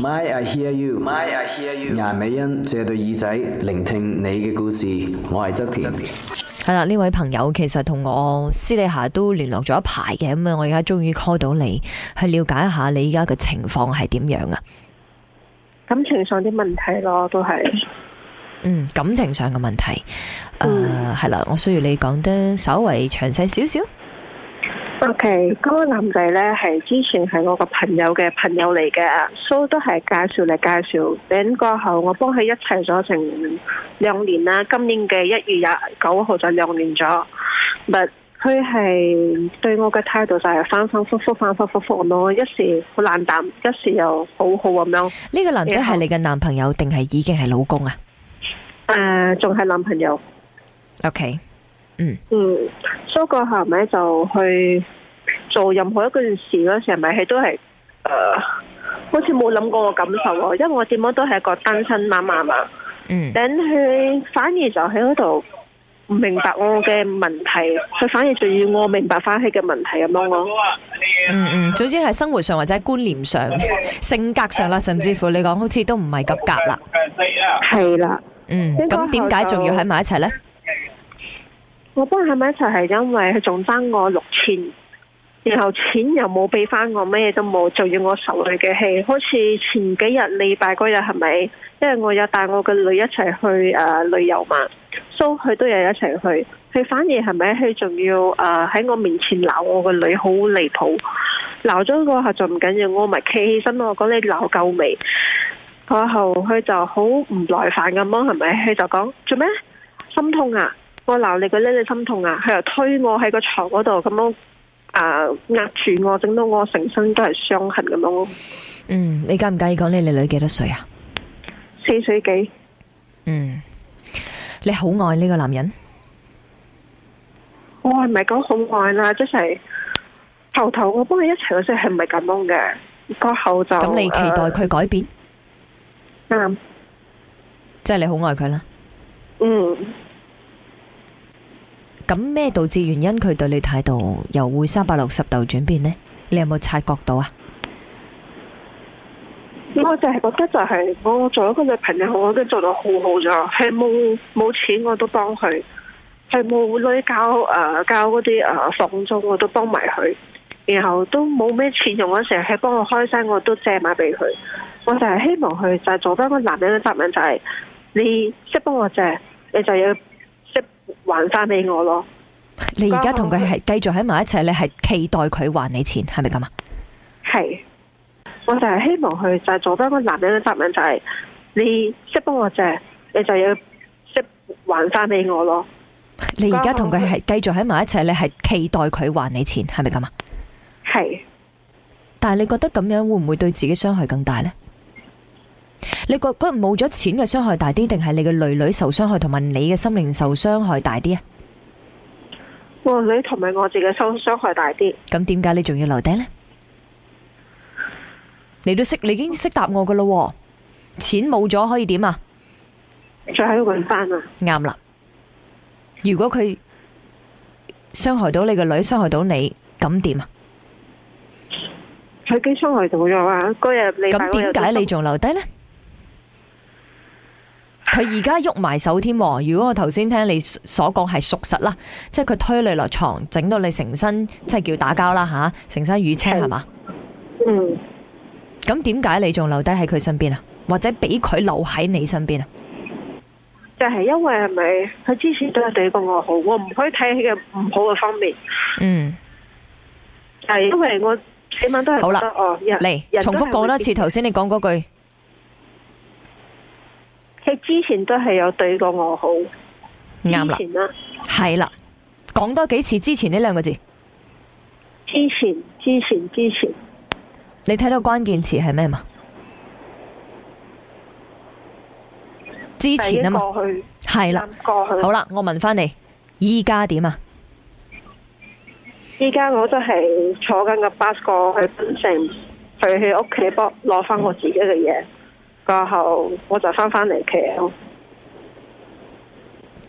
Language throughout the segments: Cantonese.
My I hear you，My I hear you，顏美欣借對耳仔聆聽你嘅故事，我係側田。係啦，呢位朋友其實同我私底下都聯絡咗一排嘅，咁啊，我而家終於 call 到你，去了解一下你依家嘅情況係點樣啊？感情上啲問題咯，都係，嗯，感情上嘅問題，誒、嗯，係、呃、啦，我需要你講得稍微詳細少少。O K，嗰個男仔咧係之前係我個朋友嘅朋友嚟嘅，所以都係介紹嚟介紹。等過後我幫佢一齊咗成兩年啦，今年嘅一月廿九號就兩年咗。但佢係對我嘅態度就係反反复覆反反复覆咯，一時好冷淡，一時又好好咁樣。呢、這個男仔係你嘅男朋友定係已經係老公啊？誒，仲係男朋友。O K。Uh, 嗯，所以個係咪就去做任何一件事咧？成咪係都係，誒、呃，好似冇諗過我感受喎。因為我點樣都係一個單親媽媽嘛。嗯，但係反，反而就喺嗰度唔明白我嘅問題，佢反而仲要我明白翻佢嘅問題咁樣咯。嗯嗯，總之係生活上或者觀念上、 性格上啦，甚至乎你講好似都唔係咁夾啦，係啦。嗯，咁點解仲要喺埋一齊咧？我幫佢喺埋一齊，係因為佢仲爭我六千，然後錢又冇俾翻我，咩嘢都冇，仲要我受佢嘅氣。好似前幾日禮拜嗰日係咪？因為我有帶我個女一齊去誒、呃、旅遊嘛，蘇佢都有一齊去。佢反而係咪？佢仲要誒喺、呃、我面前鬧我個女，好離譜。鬧咗嗰下，就唔緊要，我咪企起身我講你鬧夠未？過後佢就好唔耐煩咁樣，係咪？佢就講做咩心痛啊？我鬧你個咧，你心痛啊！佢又推我喺個床嗰度，咁樣啊壓、呃、住我，整到我成身都係傷痕咁樣。嗯，你介唔介意講呢？你女幾多歲啊？四歲幾？嗯，你好愛呢個男人？我唔係講好愛啦，即係頭頭我幫你一齊嗰陣係唔係咁樣嘅，過後就咁、嗯嗯、你期待佢改變？啱、嗯，即係你好愛佢啦。嗯。咁咩導致原因？佢對你態度又會三百六十度轉變呢？你有冇察覺到啊？我就係覺得就係我做一個女朋友，我都做到好好咗。係冇冇錢我都幫佢，係冇女教誒交嗰啲誒房租我都幫埋佢。然後都冇咩錢用嗰陣時，係幫我開聲我都借埋俾佢。我就係希望佢就係做返個男人嘅責任、就係，就係你識幫我借，你就要，還翻俾我咯。你而家同佢係繼續喺埋一齊咧，係期待佢還你錢，係咪咁啊？係，我就係希望佢就做翻個男人嘅責任，就係、是、你借幫我借，你就要識還翻俾我咯。你而家同佢係繼續喺埋一齊咧，係期待佢還你錢，係咪咁啊？係，但係你覺得咁樣會唔會對自己傷害更大咧？你覺覺得冇咗錢嘅傷害大啲，定係你嘅女女受傷害同埋你嘅心靈受傷害大啲啊？我你同埋我自己嘅傷傷害大啲。咁點解你仲要留低呢？你都識，你已經識答我噶咯。錢冇咗可以點啊？再喺度搵返啊！啱啦。如果佢傷害到你嘅女，傷害到你，咁點啊？佢已經傷害到咗啦。嗰日你咁點解你仲留低呢？佢而家喐埋手添，如果我頭先聽你所講係屬實啦，即係佢推你落床，整到你成身，即係叫打交啦吓，成身瘀青係嘛？嗯。咁點解你仲留低喺佢身邊啊？或者俾佢留喺你身邊啊？就係因為係咪佢之前對我第二個我好，我唔可以睇佢嘅唔好嘅方面。嗯。係因為我起碼都係好啦。哦，嚟重複講多次頭先你講嗰句。之前都係有對過我好，啱啦，啊，係啦，講多幾次之前呢兩個字，之前，之前，之前，你睇到關鍵詞係咩嘛？之前啊嘛，就係過去係啦，過去，好啦，我問翻你，依家點啊？依家我都係坐緊個 bus 過去粉城，去佢屋企幫攞翻我自己嘅嘢。過後我就返返嚟企。騎。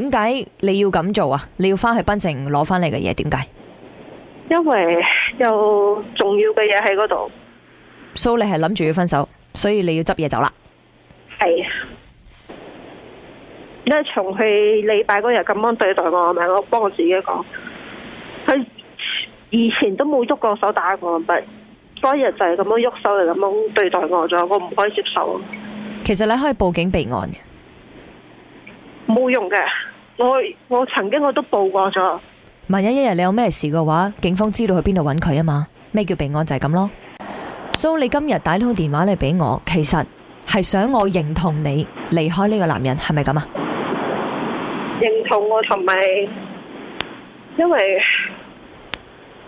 點解你要咁做啊？你要返去檳城攞返嚟嘅嘢？點解？因為有重要嘅嘢喺嗰度。蘇、so，你係諗住要分手，所以你要執嘢走啦。係、啊。因為從去禮拜嗰日咁樣對待我，係咪我幫我自己講，佢以前都冇喐過手打過筆。嗰一日就係咁樣喐手，嚟咁樣對待我咗，我唔可以接受。其實你可以報警備案嘅，冇用嘅。我我曾經我都報過咗。萬一一日你有咩事嘅話，警方知道去邊度揾佢啊嘛？咩叫備案就係咁咯。蘇、so,，你今日打通電話嚟俾我，其實係想我認同你離開呢個男人，係咪咁啊？認同我你，同埋因為。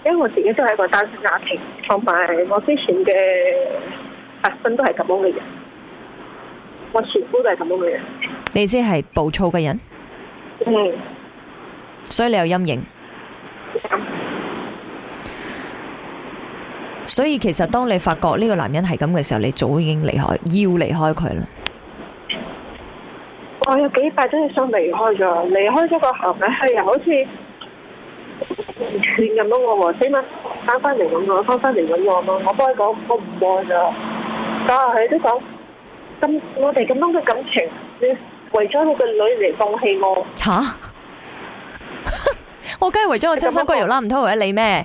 因為我自己都係一個單身家庭，同埋我之前嘅 Husband 都係咁樣嘅人，我前夫都係咁樣嘅人。你知係暴躁嘅人，嗯，所以你有陰影、嗯。所以其實當你發覺呢個男人係咁嘅時候，你早已經離開，要離開佢啦。我有幾快都要想離開咗，離開咗個後尾係又好似。唔勸咁樣我喎，起碼翻翻嚟咁樣，翻翻嚟搵我啊！我幫佢講，我唔愛啦。咁又係都講，咁我哋咁樣嘅感情，你為咗佢個女嚟放棄我？吓，我梗係為咗我親生骨肉啦，唔通為咗你咩？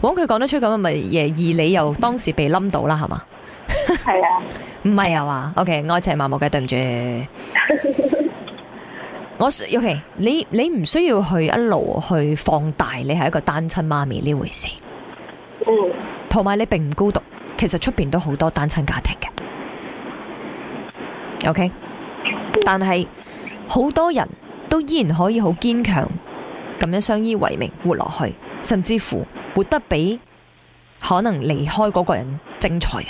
枉佢講得出咁，咪而而你又當時被冧到啦，係嘛？係啊，唔係啊嘛？OK，愛情盲目嘅，對唔住。我尤其你你唔需要去、okay, 一路去放大你係一個單親媽咪呢回事，同埋你並唔孤獨，其實出邊都好多單親家庭嘅，OK，但係好多人都依然可以好堅強咁樣相依為命活落去，甚至乎活得比可能離開嗰個人精彩嘅，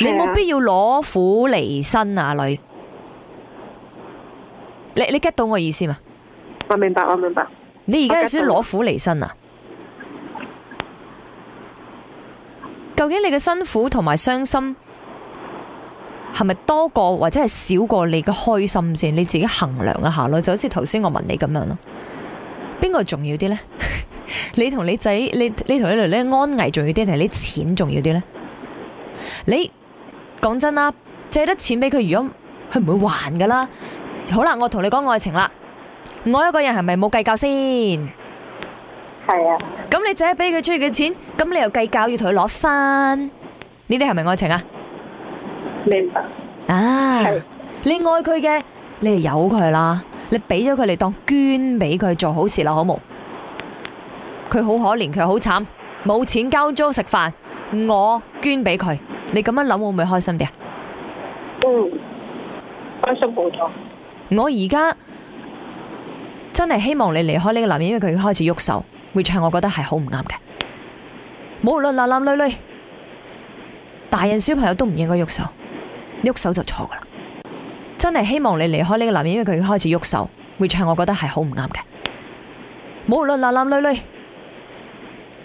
你冇必要攞苦嚟辛啊，女。你你 get 到我意思嘛？我明白，我明白。你而家係想攞苦離身啊？究竟你嘅辛苦同埋傷心係咪多過或者係少過你嘅開心先？你自己衡量一下咯，就好似頭先我問你咁樣咯。邊個重要啲呢？ 你同你仔，你你同你女咧，安危重要啲定係你啲錢重要啲呢？你講真啦，借得錢俾佢，如果佢唔會還噶啦。好啦，我同你講愛情啦。愛一個人係咪冇計較先？係啊。咁你借俾佢出去嘅錢，咁你又計較要同佢攞翻？呢啲係咪愛情啊？明白。啊，是你愛佢嘅，你就由佢啦。你俾咗佢嚟當捐俾佢做好事啦，好冇？佢好可憐，佢好慘，冇錢交租食飯。我捐俾佢，你咁樣諗會唔會開心啲啊？嗯，開心冇錯。我而家真係希望你離開呢個男人，因為佢已經開始喐手，會唱我覺得係好唔啱嘅。無論男男女女，大人小朋友都唔應該喐手，喐手就錯噶啦。真係希望你離開呢個男人，因為佢已經開始喐手，會唱我覺得係好唔啱嘅。無論男男女女，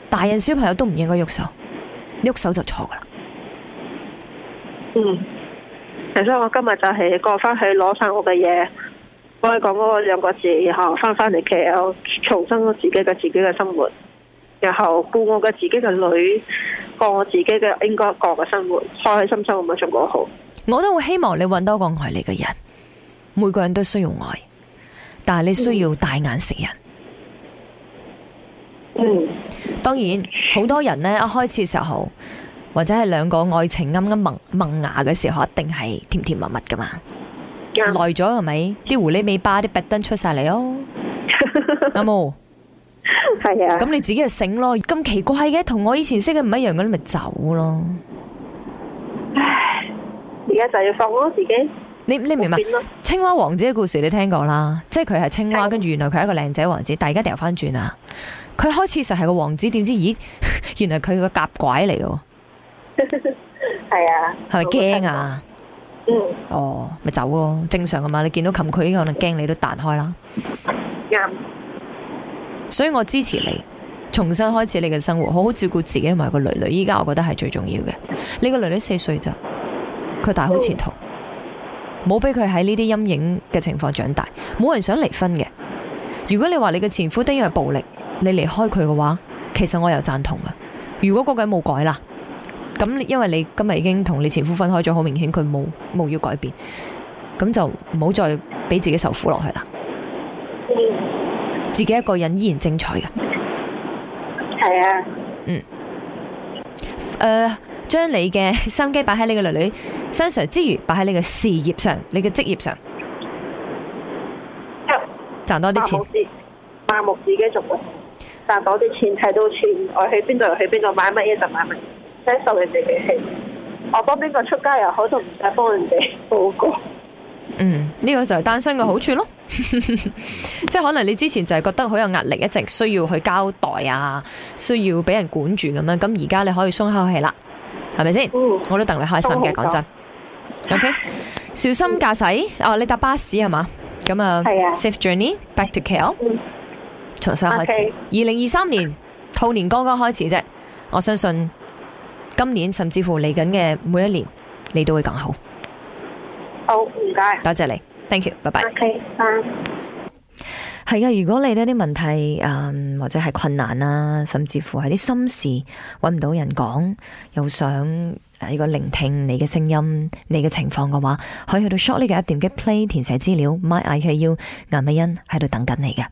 大人小朋友都唔應該喐手，喐手就錯噶啦。嗯。所以我今日就係過返去攞返屋嘅嘢，我係講嗰個兩個字，然後返返嚟企。我重新自己嘅自己嘅生活，然後顧我嘅自己嘅女過我自己嘅應該過嘅生活，開開心心咁樣過好。我都會希望你揾多個愛你嘅人，每個人都需要愛，但係你需要大眼食人。嗯，當然好多人呢，一開始時候。或者係兩個愛情啱啱萌萌芽嘅時候，一定係甜甜蜜蜜噶嘛。耐咗係咪？啲狐狸尾巴啲白燈出晒嚟咯。阿毛係啊。咁、yeah. 你自己就醒咯。咁奇怪嘅，同我以前識嘅唔一樣，咁你咪走咯。唉，而家就要放咯自己。你你明唔明？青蛙王子嘅故事你聽過啦，即係佢係青蛙，跟、yeah. 住原來佢係一個靚仔王子，但係而家掉翻轉啊！佢開始實係個王子，點知咦？ 原來佢個夾拐嚟嘅。係 啊，係咪驚啊？哦，咪走咯，正常，噶嘛。你見到蠄蟧，可能驚你都彈開啦。啱，yeah，所以我支持你重新開始你嘅生活，好好照顧自己，同埋個女女，依家我覺得係最重要嘅。呢個女女四歲咋，佢大好前途，冇俾佢喺呢啲陰影嘅情況長大。冇人想離婚嘅。如果你話你嘅前夫啲嘢係暴力，你離開佢嘅話，其實我又贊同嘅。如果個計冇改啦。咁，因為你今日已經同你前夫分開咗，好明顯佢冇冇要改變，咁就唔好再俾自己受苦落去啦。自己一個人依然精彩㗎。係啊。嗯。誒、呃，將你嘅心機擺喺你嘅女女身上之餘，擺喺你嘅事業上，你嘅職業上，賺多啲錢，麻木自己做。會，賺多啲錢睇到錢，我去邊度去邊度買乜嘢就買乜嘢。享受人哋嘅，我幫邊個出街又好，都唔使幫人哋報告。嗯、呢、這個就係單身嘅好處咯、嗯。 即係可能你之前就係覺得好有壓力，一直需要去交代啊，需要俾人管住咁樣。咁而家你可以鬆一口氣啦，係咪先？我都戥你開心嘅，講真。OK，小心駕駛。哦、 啊，你搭巴士係嘛？咁啊，啊，Safe journey back to KL。嗯。重新開始。二零二三年兔年剛剛開始啫，我相信。今年甚至乎嚟緊嘅每一年，你都會講好。好，唔該。多謝你，Thank you，拜拜。OK，bye。係啊，如果你呢啲問題啊，或者係困難啊，甚至乎係啲心事，搵唔到人講，又想。誒，如果聆聽你嘅聲音，你嘅情況嘅話，可以去到 short 呢個 app 點擊 play，填寫資料，my i k u 顏美欣喺度等緊你嘅。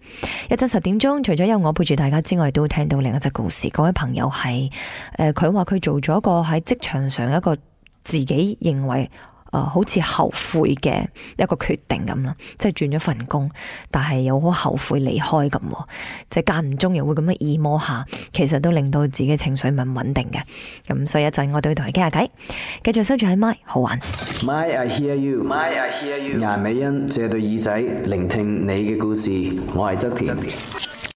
一陣十點鐘，除咗有我陪住大家之外，都聽到另一則故事。各位朋友係誒，佢話佢做咗一個喺職場上一個自己認為。呃、好似後悔嘅一個決定咁啦，即係轉咗份工，但係又好後悔離開咁，即係間唔中又會咁樣意摸下，其實都令到自己的情緒唔穩定嘅。咁所以一陣我都要同佢傾下偈，繼續收住喺麥，好玩。My I hear you? My I hear you? 顏美恩借對耳仔聆聽你嘅故事，我係側田。